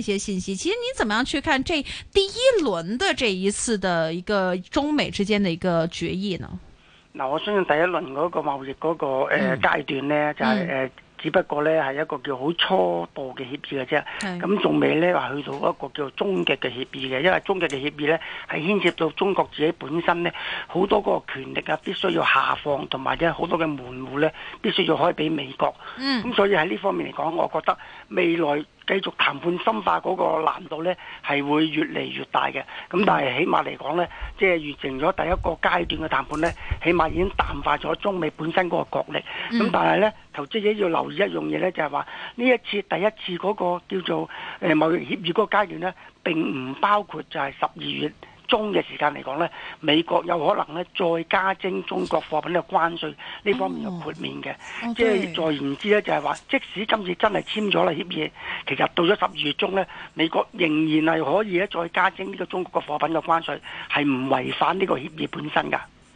一些信息，其實你怎麼樣去看這第一輪的這一次的一個中美之間的一個決議呢？那我相信第一輪嗰個貿易嗰、那個誒、嗯呃、階段呢，就係、是、誒、嗯、只不過呢，係一個叫好初步嘅協議嘅啫，咁仲未呢話去到一個叫終極嘅協議嘅，因為終極嘅協議呢，係牽涉到中國自己本身呢，好多個權力啊，必須要下放，同埋咧好多嘅門戶呢必須要開俾美國。嗯，咁所以喺呢方面嚟講，我覺得未來。繼續談判深化嗰個難度呢係會越嚟越大嘅。咁但係起碼嚟講呢，即係完成咗第一個階段嘅談判呢，起碼已經淡化咗中美本身嗰個角力。咁但係呢，投資者要留意一樣嘢呢，就係話呢一次第一次嗰個叫做誒貿易協議嗰個階段呢，並唔包括就係十二月中嘅時間嚟講呢，美國有可能呢再加徵中國貨品嘅關稅呢方面嘅豁免嘅，即係再而言之呢，就係話，即使今次真係簽咗啦協議，其實到咗十二月中呢，美國仍然係可以咧再加徵呢個中國嘅貨品嘅關稅，係唔違反呢個協議本身㗎。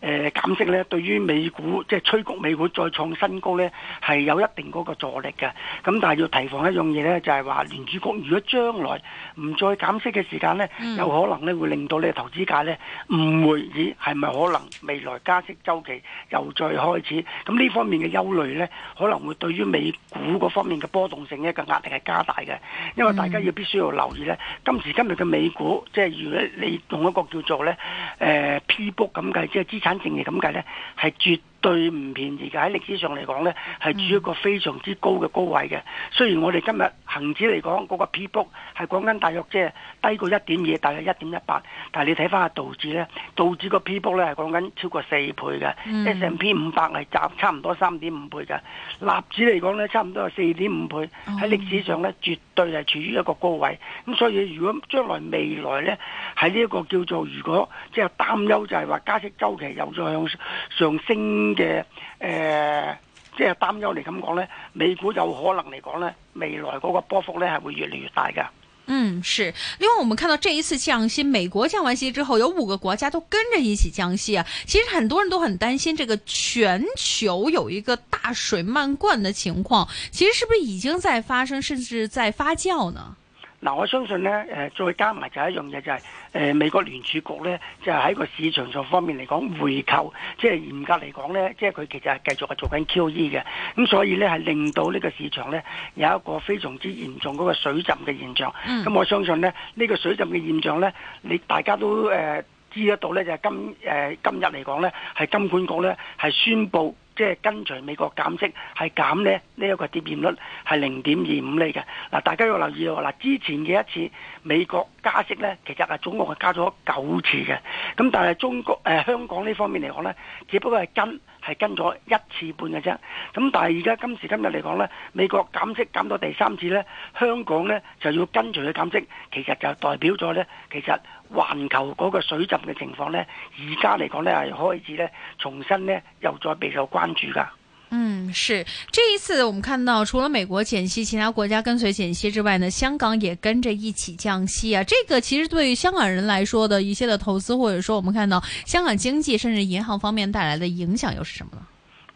誒、呃、減息咧，對於美股即係催谷美股再創新高咧，係有一定嗰個助力嘅。咁但係要提防一樣嘢咧，就係話聯儲局如果將來唔再減息嘅時間咧，嗯、有可能咧會令到你嘅投資界咧誤會，咦係咪可能未來加息周期又再開始？咁呢方面嘅憂慮咧，可能會對於美股嗰方面嘅波動性咧嘅壓力係加大嘅。因為大家要必須要留意咧，今時今日嘅美股即係如果你用一個叫做咧誒、呃、P book 咁嘅，即係資產。反正係咁計咧，係絕對唔便宜嘅喺歷史上嚟講呢，係處於一個非常之高嘅高位嘅。雖然我哋今日恒指嚟講嗰、那個 P book 係講緊大約即係低過一點二，大約一點一八。但係你睇翻下道指呢，道指個 P book 咧係講緊超過四倍嘅，即 M P 五百係集差唔多三點五倍嘅，納指嚟講呢，差唔多係四點五倍。喺歷史上呢，絕對係處於一個高位。咁所以如果將來未來呢，喺呢一個叫做如果即係擔憂就係話加息周期又再向上升。嘅誒，即係擔憂嚟咁講呢，美股有可能嚟講呢，未來嗰個波幅呢係會越嚟越大噶。嗯，是。另外，我們看到這一次降息，美國降完息之後，有五個國家都跟着一起降息啊。其實很多人都很擔心，這個全球有一個大水漫灌的情況，其實是不是已經在發生，甚至在發酵呢？嗱，我相信咧，誒，再加埋就係一樣嘢，就係誒美國聯儲局咧，就喺個市場上方面嚟講回購，即係嚴格嚟講咧，即係佢其實係繼續係做緊 QE 嘅，咁所以咧係令到呢個市場咧有一個非常之嚴重嗰個水浸嘅現象。咁我相信咧，呢個水浸嘅現象咧，你大家都誒知得到咧，就係今誒今日嚟講咧，係金管局咧係宣布。即係跟隨美國減息，係減呢，呢、呢、一個貼現率係零點二五厘嘅。嗱，大家要留意喎。嗱，之前嘅一次美國加息呢，其實係總共係加咗九次嘅。咁但係中國、呃、香港呢方面嚟講呢，只不過係跟跟咗一次半嘅啫，咁但係而家今時今日嚟講呢，美國減息減到第三次呢，香港呢就要跟隨佢減息，其實就代表咗呢，其實環球嗰個水浸嘅情況呢，而家嚟講呢係開始呢，重新呢又再備受關注噶。嗯，是這一次我們看到，除了美國減息，其他國家跟隨減息之外呢，香港也跟着一起降息啊。這個其實對於香港人來說的一些的投資，或者說我們看到香港經濟甚至銀行方面帶來的影響又是什麼呢？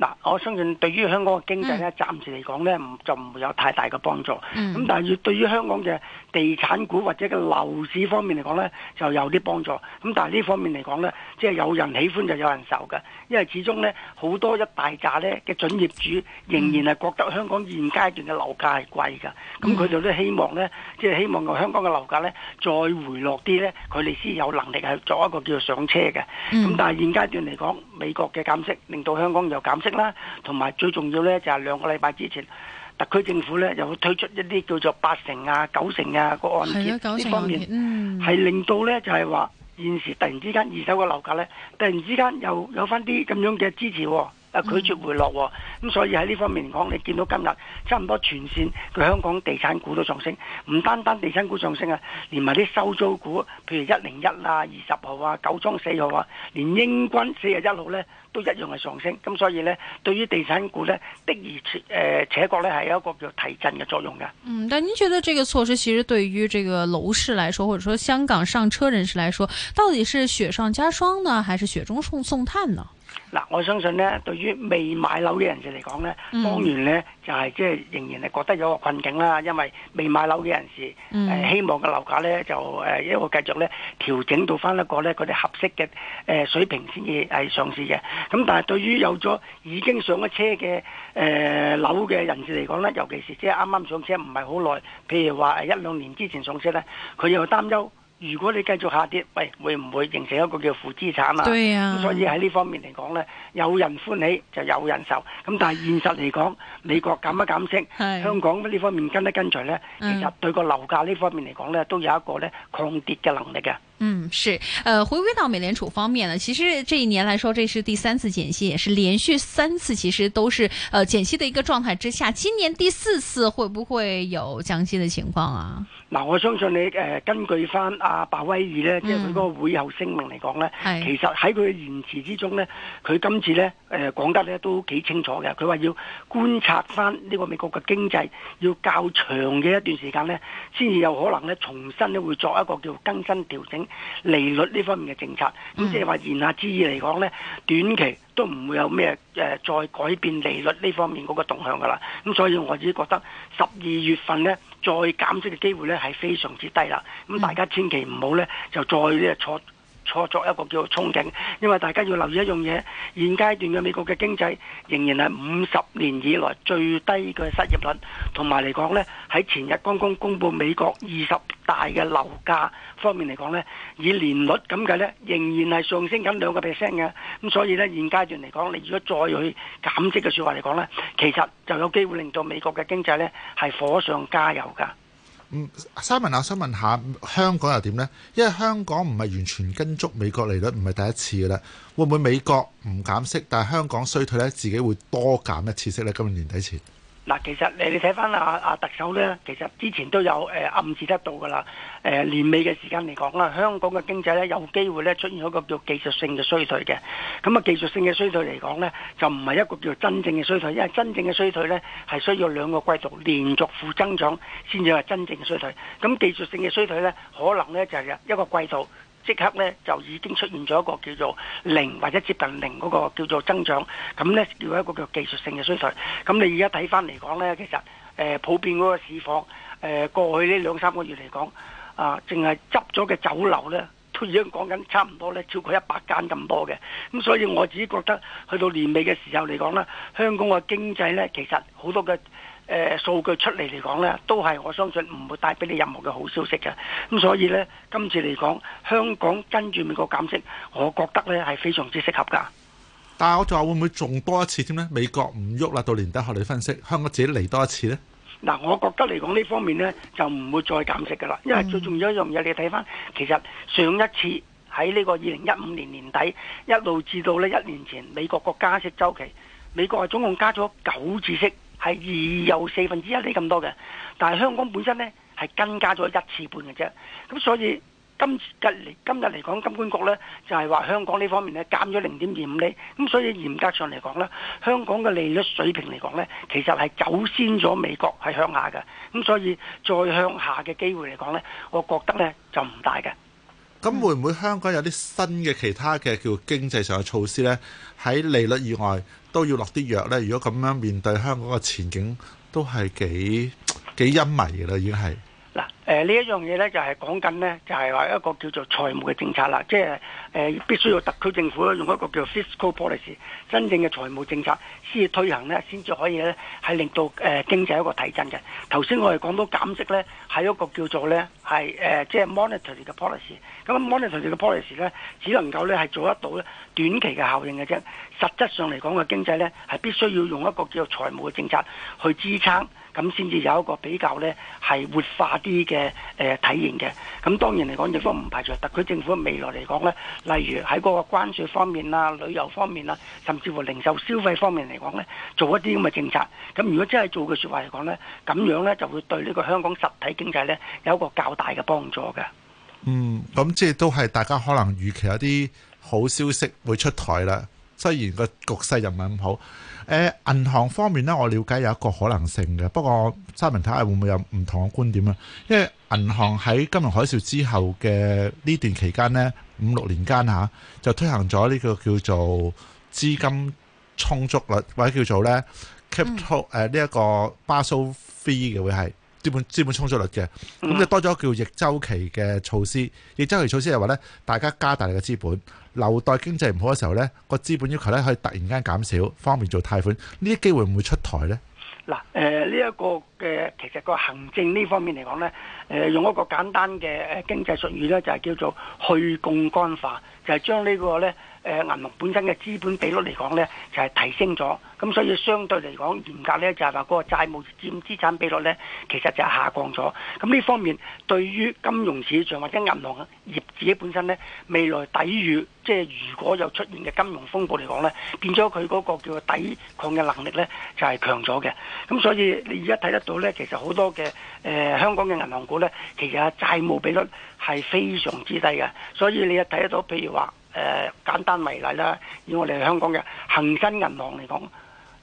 嗯，我相信對於香港的經濟呢，暫時嚟講呢就唔會有太大嘅幫助。咁，嗯，但係對於香港嘅，地產股或者嘅樓市方面嚟講呢，就有啲幫助。咁但係呢方面嚟講呢，即係有人喜歡就有人受㗎，因為始終呢好多一大架呢嘅準業主仍然係覺得香港現階段嘅樓價係貴㗎。咁佢就都希望呢，即係希望個香港嘅樓價呢再回落啲呢，佢哋先有能力去做一個叫做上車嘅。咁、嗯、但係現階段嚟講，美國嘅減息令到香港有減息啦，同埋最重要呢就係兩個禮拜之前。特區政府呢，又推出一啲叫做八成啊、九成啊個按揭呢方面，係令到呢就係、是、話，現時突然之間二手個樓價呢，突然之間又有翻啲咁樣嘅支持、哦。拒絕回落喎，咁、嗯嗯、所以喺呢方面嚟講你見到今日差唔多全線嘅香港地產股都上升，唔單單地產股上升啊，連埋啲收租股，譬如一零一啊、二十號啊、九倉四號啊，連鷹君四十一號呢都一樣係上升。咁、嗯、所以呢，對於地產股呢的而誒、呃，且確呢係有一個叫提振嘅作用嘅。嗯，但係你覺得呢個措施其實對於呢個樓市來說，或者說香港上車人士來說，到底是雪上加霜呢，還是雪中送送炭呢？嗱，我相信咧，對於未買樓嘅人士嚟講咧，當然咧就係即係仍然係覺得有個困境啦，因為未買樓嘅人士誒希望嘅樓價咧就誒一個繼續咧調整到翻一個咧佢哋合適嘅誒水平先至係上市嘅。咁但係對於有咗已經上咗車嘅誒樓嘅人士嚟講咧，尤其是即係啱啱上車，唔係好耐，譬如話誒一兩年之前上車咧，佢又擔憂。如果你繼續下跌，喂，會唔會形成一個叫負資產啊？對啊。所以喺呢方面嚟講呢，有人歡喜就有人愁。咁但係現實嚟講，美國減一減息，是香港呢方面跟一跟隨呢，其實對個樓價呢方面嚟講呢，都有一個呢抗跌嘅能力嘅。嗯，是，呃，回歸到美聯儲方面呢，其實這一年來說，這是第三次減息，也是連續三次，其實都是，呃，減息的一個狀態之下，今年第四次會不會有降息的情況啊？嗱、呃，我相信你，誒、呃，根據翻阿、啊、鮑威爾呢，即係佢嗰個會後聲明嚟講呢，嗯、其實喺佢言辭之中呢，佢今次呢，誒、呃，講得呢都幾清楚嘅，佢話要觀察翻呢個美國嘅經濟，要較長嘅一段時間呢，先至有可能呢重新呢會作一個叫更新調整。利率呢方面嘅政策，咁即係話言下之意嚟講呢，短期都唔會有咩誒再改變利率呢方面嗰個動向噶啦。咁所以我只覺得十二月份呢再減息嘅機會呢係非常之低啦。咁大家千祈唔好呢就再呢錯。錯作一個叫做憧憬，因為大家要留意一樣嘢，現階段嘅美國嘅經濟仍然係五十年以來最低嘅失業率，同埋嚟講呢，喺前日剛剛公布美國二十大嘅樓價方面嚟講呢，以年率咁計呢，仍然係上升緊兩個 percent 嘅，咁所以呢，現階段嚟講，你如果再去減息嘅説話嚟講呢，其實就有機會令到美國嘅經濟呢係火上加油㗎。嗯，三文我想問下香港又點呢？因為香港唔係完全跟足美國利率，唔係第一次噶啦。會唔會美國唔減息，但係香港衰退咧，自己會多減一次息咧？今年年底前嗱，其實誒你睇翻阿阿特首咧，其實之前都有誒暗示得到噶啦。年尾嘅時間嚟講啦，香港嘅經濟呢，有機會呢出現一個叫技術性嘅衰退嘅。咁啊，技術性嘅衰退嚟講呢，就唔係一個叫做真正嘅衰退，因為真正嘅衰退呢，係需要兩個季度連續負增長先至係真正嘅衰退。咁技術性嘅衰退呢，可能呢就係一個季度即刻呢，就已經出現咗一個叫做零或者接近零嗰個叫做增長，咁呢，叫一個叫技術性嘅衰退。咁你而家睇翻嚟講呢，其實誒普遍嗰個市況誒過去呢兩三個月嚟講。啊！淨係執咗嘅酒樓呢，都已經講緊差唔多呢，超過一百間咁多嘅。咁所以我自己覺得，去到年尾嘅時候嚟講呢，香港嘅經濟呢，其實好多嘅誒、呃、數據出嚟嚟講呢，都係我相信唔會帶俾你任何嘅好消息嘅。咁所以呢，今次嚟講，香港跟住美國減息，我覺得呢係非常之適合噶。但係我就話會唔會仲多一次添咧？美國唔喐啦，到年底學你分析，香港自己嚟多一次呢。嗱，我覺得嚟講呢方面呢，就唔會再減息㗎啦。因為最重要一樣嘢，你睇翻其實上一次喺呢個二零一五年年底一路至到呢一年前，美國個加息週期，美國係總共加咗九次息，係二又四分之一啲咁多嘅。但係香港本身呢，係跟加咗一次半嘅啫，咁所以。今隔嚟今日嚟講，金管局呢就係話香港呢方面呢減咗零點二五厘，咁所以嚴格上嚟講呢，香港嘅利率水平嚟講呢，其實係走先咗美國係向下嘅，咁所以再向下嘅機會嚟講呢，我覺得呢就唔大嘅。咁會唔會香港有啲新嘅其他嘅叫經濟上嘅措施呢？喺利率以外都要落啲藥呢？如果咁樣面對香港嘅前景，都係幾幾陰霾嘅啦，已經係嗱。誒呢、呃、一樣嘢呢，就係講緊呢，就係、是、話一個叫做財務嘅政策啦，即係誒、呃、必須要特區政府用一個叫做 fiscal policy，真正嘅財務政策先至推行呢，先至可以呢，係令到誒、呃、經濟一個提振嘅。頭先我哋講到減息呢，係一個叫做呢，係即係、呃就是、monetary 嘅 policy，咁 monetary 嘅 policy 呢，只能夠呢，係做得到短期嘅效應嘅啫，實質上嚟講嘅經濟呢，係必須要用一個叫做財務嘅政策去支撐，咁先至有一個比較呢，係活化啲嘅，嘅誒體現嘅，咁當然嚟講，亦都唔排除特區政府未來嚟講咧，例如喺嗰個關稅方面啊、旅遊方面啊，甚至乎零售消費方面嚟講咧，做一啲咁嘅政策。咁如果真係做嘅說話嚟講咧，咁樣咧就會對呢個香港實體經濟咧有一個較大嘅幫助嘅。嗯，咁即係都係大家可能預期有啲好消息會出台啦。雖然個局勢又唔係咁好。誒、呃、銀行方面咧，我了解有一個可能性嘅，不過三文睇下會唔會有唔同嘅觀點啊，因為銀行喺金融海嘯之後嘅呢段期間咧，五六年間嚇、啊、就推行咗呢個叫做資金充足率或者叫做咧 capital 誒呢一、嗯呃這個巴蘇、so、free 嘅會係。資本資本充足率嘅，咁就多咗叫逆周期嘅措施。逆周、嗯、期措施係話咧，大家加大你嘅資本，留待經濟唔好嘅時候咧，個資本要求咧可以突然間減少，方便做貸款。呢啲機會唔會，會出台咧？嗱、呃，誒呢一個。嘅，其實個行政呢方面嚟講咧，誒、呃、用一個簡單嘅誒經濟術語咧，就係、是、叫做去槓桿化，就係、是、將個呢個咧誒銀行本身嘅資本比率嚟講咧，就係、是、提升咗。咁所以相對嚟講，嚴格咧，就係、是、話個債務占資產比率咧，其實就係下降咗。咁呢方面對於金融市場或者銀行業自己本身咧，未來抵禦即係如果有出現嘅金融風暴嚟講咧，變咗佢嗰個叫做抵抗嘅能力咧，就係、是、強咗嘅。咁所以你而家睇得到。咧其實好多嘅誒、呃、香港嘅銀行股咧，其實債務比率係非常之低嘅，所以你又睇得到，譬如話誒、呃、簡單為例啦，以我哋香港嘅恒生銀行嚟講，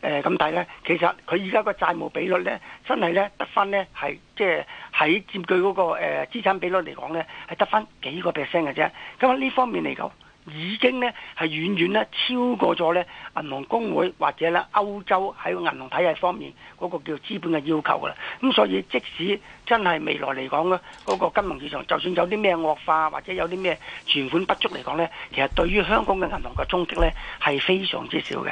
誒咁睇咧，其實佢而家個債務比率咧，真係咧得翻咧係即係喺佔據嗰、那個誒資、呃、產比率嚟講咧，係得翻幾個 percent 嘅啫，咁喺呢方面嚟講，已經呢係遠遠呢超過咗呢銀行公會或者呢歐洲喺銀行體系方面嗰個叫資本嘅要求㗎喇，咁所以即使真係未來嚟講呢，嗰、嗰個金融市場就算有啲咩惡化或者有啲咩存款不足嚟講，呢其實對於香港嘅銀行嘅衝擊呢係非常之少嘅。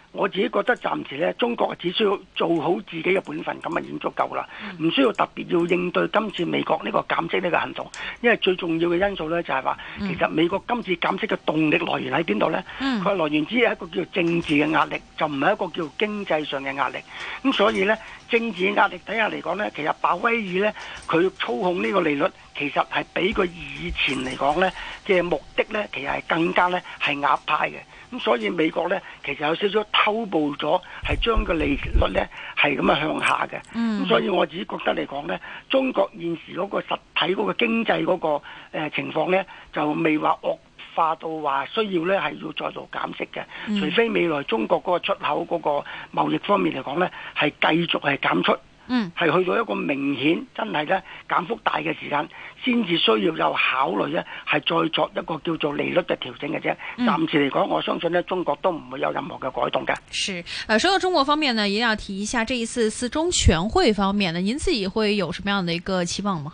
我自己覺得暫時咧，中國只需要做好自己嘅本分，咁啊已經足夠啦，唔、嗯、需要特別要應對今次美國呢個減息呢個行動，因為最重要嘅因素咧就係、是、話，嗯、其實美國今次減息嘅動力來源喺邊度呢？佢、嗯、來源只係一個叫政治嘅壓力，就唔係一個叫經濟上嘅壓力。咁所以呢，政治嘅壓力底下嚟講呢，其實鮑威爾呢，佢操控呢個利率，其實係比佢以前嚟講呢嘅目的呢，其實係更加呢，係壓派嘅。咁所以美國咧，其實有少少偷步咗，係將個利率咧係咁樣向下嘅。咁、嗯、所以我自己覺得嚟講咧，中國現時嗰個實體嗰個經濟嗰個誒情況咧，就未話惡化到話需要咧係要再度減息嘅，嗯、除非未來中國嗰個出口嗰個貿易方面嚟講咧，係繼續係減出。嗯，係去到一個明顯真係咧減幅大嘅時間，先至需要有考慮咧，係再作一個叫做利率嘅調整嘅啫。暫時嚟講，我相信呢中國都唔會有任何嘅改動嘅。是，誒、呃，說到中國方面呢，一定要提一下，這一次四中全會方面呢，您自己會有什麼樣嘅一個期望嗎？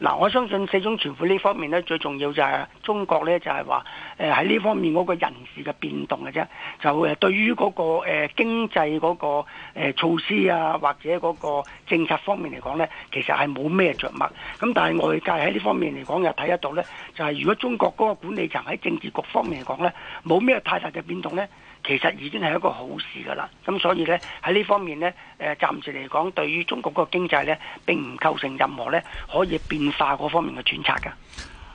嗱、啊，我相信四中全會呢方面呢，最重要就係中國呢，就係話誒喺呢方面嗰個人事嘅變動嘅啫，就誒對於嗰、那個誒、呃、經濟嗰、那個、呃、措施啊，或者嗰個政策方面嚟講呢，其實係冇咩着墨。咁但係外界喺呢方面嚟講又睇得到呢，就係、是、如果中國嗰個管理層喺政治局方面嚟講呢，冇咩太大嘅變動呢，其實已經係一個好事噶啦，咁所以呢，喺呢方面呢，誒、呃、暫時嚟講，對於中國個經濟呢，並唔構成任何呢可以變化嗰方面嘅揣測噶。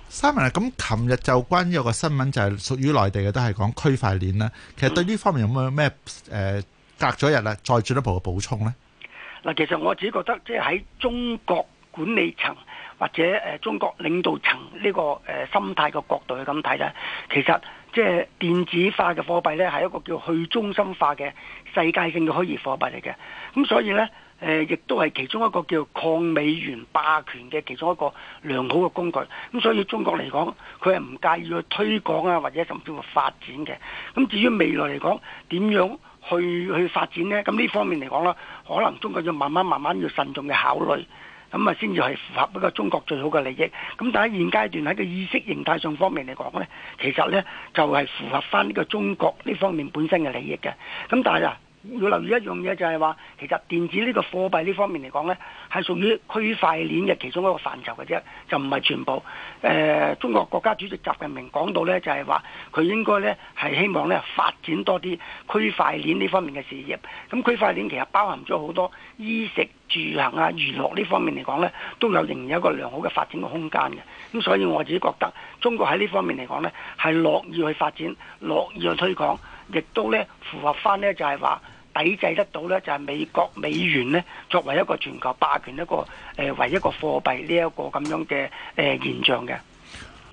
三文啊，咁琴日就關於個新聞就係屬於內地嘅，都係講區塊鏈啦。其實對呢方面有冇咩誒隔咗日啊，再進一步嘅補充呢？嗱，其實我自己覺得即係喺中國管理層或者誒中國領導層呢、這個誒、呃、心態嘅角度去咁睇呢，其實。即係電子化嘅貨幣呢，係一個叫去中心化嘅世界性嘅虛擬貨幣嚟嘅。咁所以呢，誒亦都係其中一個叫抗美元霸權嘅其中一個良好嘅工具。咁所以中國嚟講，佢係唔介意去推廣啊，或者甚至乎發展嘅。咁至於未來嚟講，點樣去去發展呢？咁呢方面嚟講啦，可能中國要慢慢慢慢要慎重嘅考慮。咁啊，先至係符合呢個中國最好嘅利益。咁但係現階段喺個意識形態上方面嚟講咧，其實咧就係符合翻呢個中國呢方面本身嘅利益嘅。咁但係嗱。要留意一樣嘢就係話，其實電子呢個貨幣呢方面嚟講呢係屬於區塊鏈嘅其中一個範疇嘅啫，就唔係全部。誒、呃，中國國家主席習近平講到呢，就係話佢應該呢係希望呢發展多啲區塊鏈呢方面嘅事業。咁區塊鏈其實包含咗好多衣食住行啊、娛樂呢方面嚟講呢都有仍然有一個良好嘅發展嘅空間嘅。咁所以我自己覺得，中國喺呢方面嚟講呢係樂意去發展、樂意去推廣，亦都呢符合翻呢就係話。抵制得到呢，就係美國美元呢，作為一個全球霸權一個誒唯一個貨幣呢一個咁樣嘅誒現象嘅。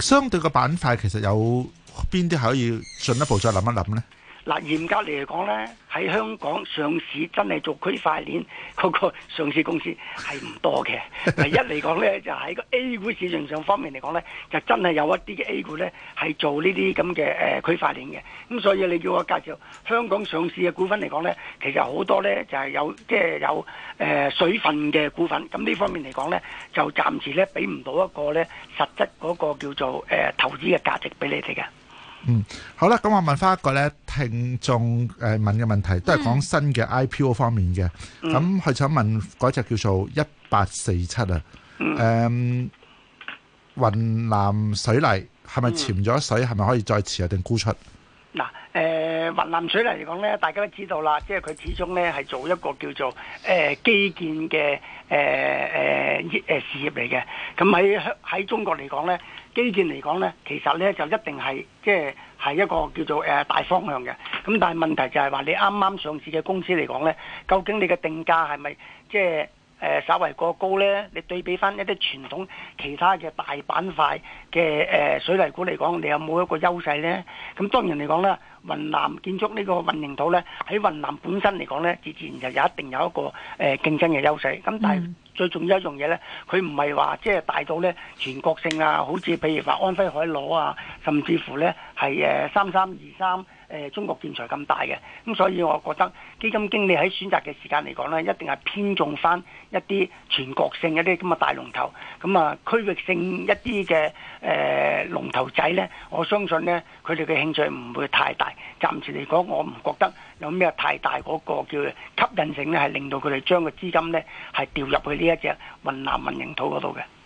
相對個板塊，其實有邊啲可以進一步再諗一諗呢？嗱，嚴格嚟講呢，喺香港上市真係做區塊鏈嗰個上市公司係唔多嘅。第一嚟講呢，就喺個 A 股市場上方面嚟講呢，就真係有一啲嘅 A 股呢係做呢啲咁嘅誒區塊鏈嘅。咁所以你叫我介紹香港上市嘅股份嚟講呢，其實好多呢就係有即係，就是，有誒水分嘅股份。咁呢方面嚟講呢，就暫時呢俾唔到一個呢實質嗰個叫做誒，呃，投資嘅價值俾你哋嘅。嗯，好啦，咁我問翻一個咧聽眾誒問嘅問題，都係講新嘅 IPO 方面嘅。咁佢、嗯、想問嗰隻叫做一八四七啊，誒、嗯，雲南水泥係咪潛咗水，係咪、嗯、可以再持有定沽出？嗱、呃，誒，雲南水泥嚟講咧，大家都知道啦，即係佢始終咧係做一個叫做誒、呃、基建嘅誒誒業事業嚟嘅。咁喺喺中國嚟講咧。基建嚟講呢，其實呢就一定係即係係一個叫做誒、呃、大方向嘅。咁但係問題就係話你啱啱上市嘅公司嚟講呢，究竟你嘅定價係咪即係稍為過高呢？你對比翻一啲傳統其他嘅大板塊嘅誒、呃、水泥股嚟講，你有冇一個優勢呢？咁當然嚟講呢，雲南建築呢個混凝土呢，喺雲南本身嚟講呢，自然就有一定有一個誒、呃、競爭嘅優勢。咁但係，嗯最重要一樣嘢呢，佢唔係話即係大到呢全國性啊，好似譬如話安徽海螺啊，甚至乎呢係誒三三二三。誒中國建材咁大嘅，咁所以我覺得基金經理喺選擇嘅時間嚟講呢一定係偏重翻一啲全國性一啲咁嘅大龍頭，咁啊區域性一啲嘅誒龍頭仔呢，我相信呢，佢哋嘅興趣唔會太大。暫時嚟講，我唔覺得有咩太大嗰個叫吸引性呢，呢係令到佢哋將個資金呢係調入去呢一隻雲南雲盈土嗰度嘅。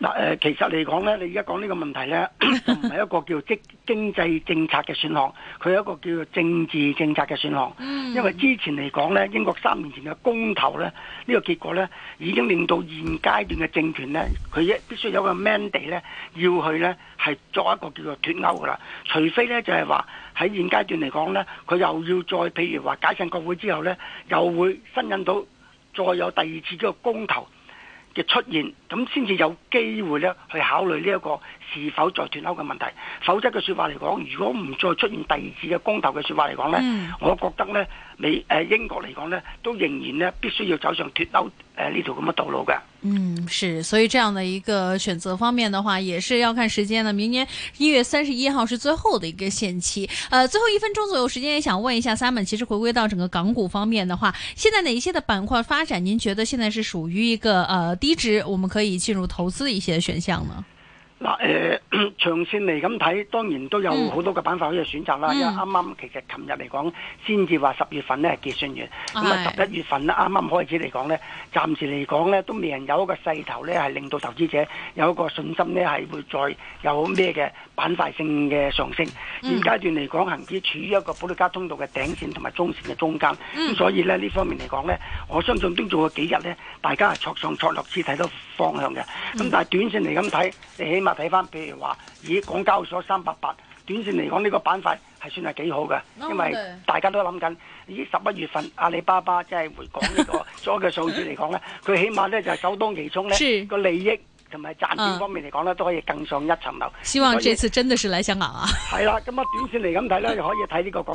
嗱誒，其實嚟講咧，你而家講呢個問題咧，唔係 一個叫經經濟政策嘅選項，佢係一個叫做政治政策嘅選項。因為之前嚟講咧，英國三年前嘅公投咧，呢、這個結果咧已經令到現階段嘅政權咧，佢必須有個 mandate 咧，要去咧係作一個叫做脫歐㗎啦。除非咧，就係話喺現階段嚟講咧，佢又要再譬如話解散國會之後咧，又會新引到再有第二次呢個公投。嘅出現，咁先至有機會咧，去考慮呢一個是否再脫歐嘅問題？否則嘅説法嚟講，如果唔再出現第二次嘅公投嘅説法嚟講呢，嗯、我覺得呢，美誒、呃、英國嚟講呢，都仍然呢必須要走上脫歐誒呢條咁嘅道路嘅。嗯，是，所以這樣嘅一個選擇方面嘅話，也是要看時間啦。明年一月三十一號是最後嘅一個限期。呃，最後一分鐘左右時間，也想問一下 Sam 其實回歸到整個港股方面嘅話，現在哪一些嘅板塊發展，您覺得現在是屬於一個呃，低值，我們可以進入投資的一些嘅選項呢？嗱誒、呃，長線嚟咁睇，當然都有好多個板塊可以選擇啦。嗯、因為啱啱其實琴日嚟講，先至話十月份咧係結算完，咁啊十一月份呢，啱啱是開始嚟講咧，暫時嚟講咧都未人有一個勢頭咧，係令到投資者有一個信心咧，係會再有咩嘅板塊性嘅上升。現階、嗯、段嚟講，恒指處於一個保歷加通道嘅頂線同埋中線嘅中間，咁、嗯、所以咧呢方面嚟講咧，我相信都做咗幾日咧，大家挫上挫落，先睇到。方向嘅，咁、嗯嗯、但係短線嚟咁睇，你起碼睇翻，譬如話咦，港交所三八八，短線嚟講呢個板塊係算係幾好嘅，No 因為大家都諗緊依十一月份阿里巴巴即係回港呢個 所有嘅數字嚟講咧，佢起碼咧就係、是、首當其衝咧個利益同埋賺錢方面嚟講咧都可以更上一層樓，希望這次真的是嚟香港啊！係啦，咁啊，短線嚟咁睇咧，可以睇呢個。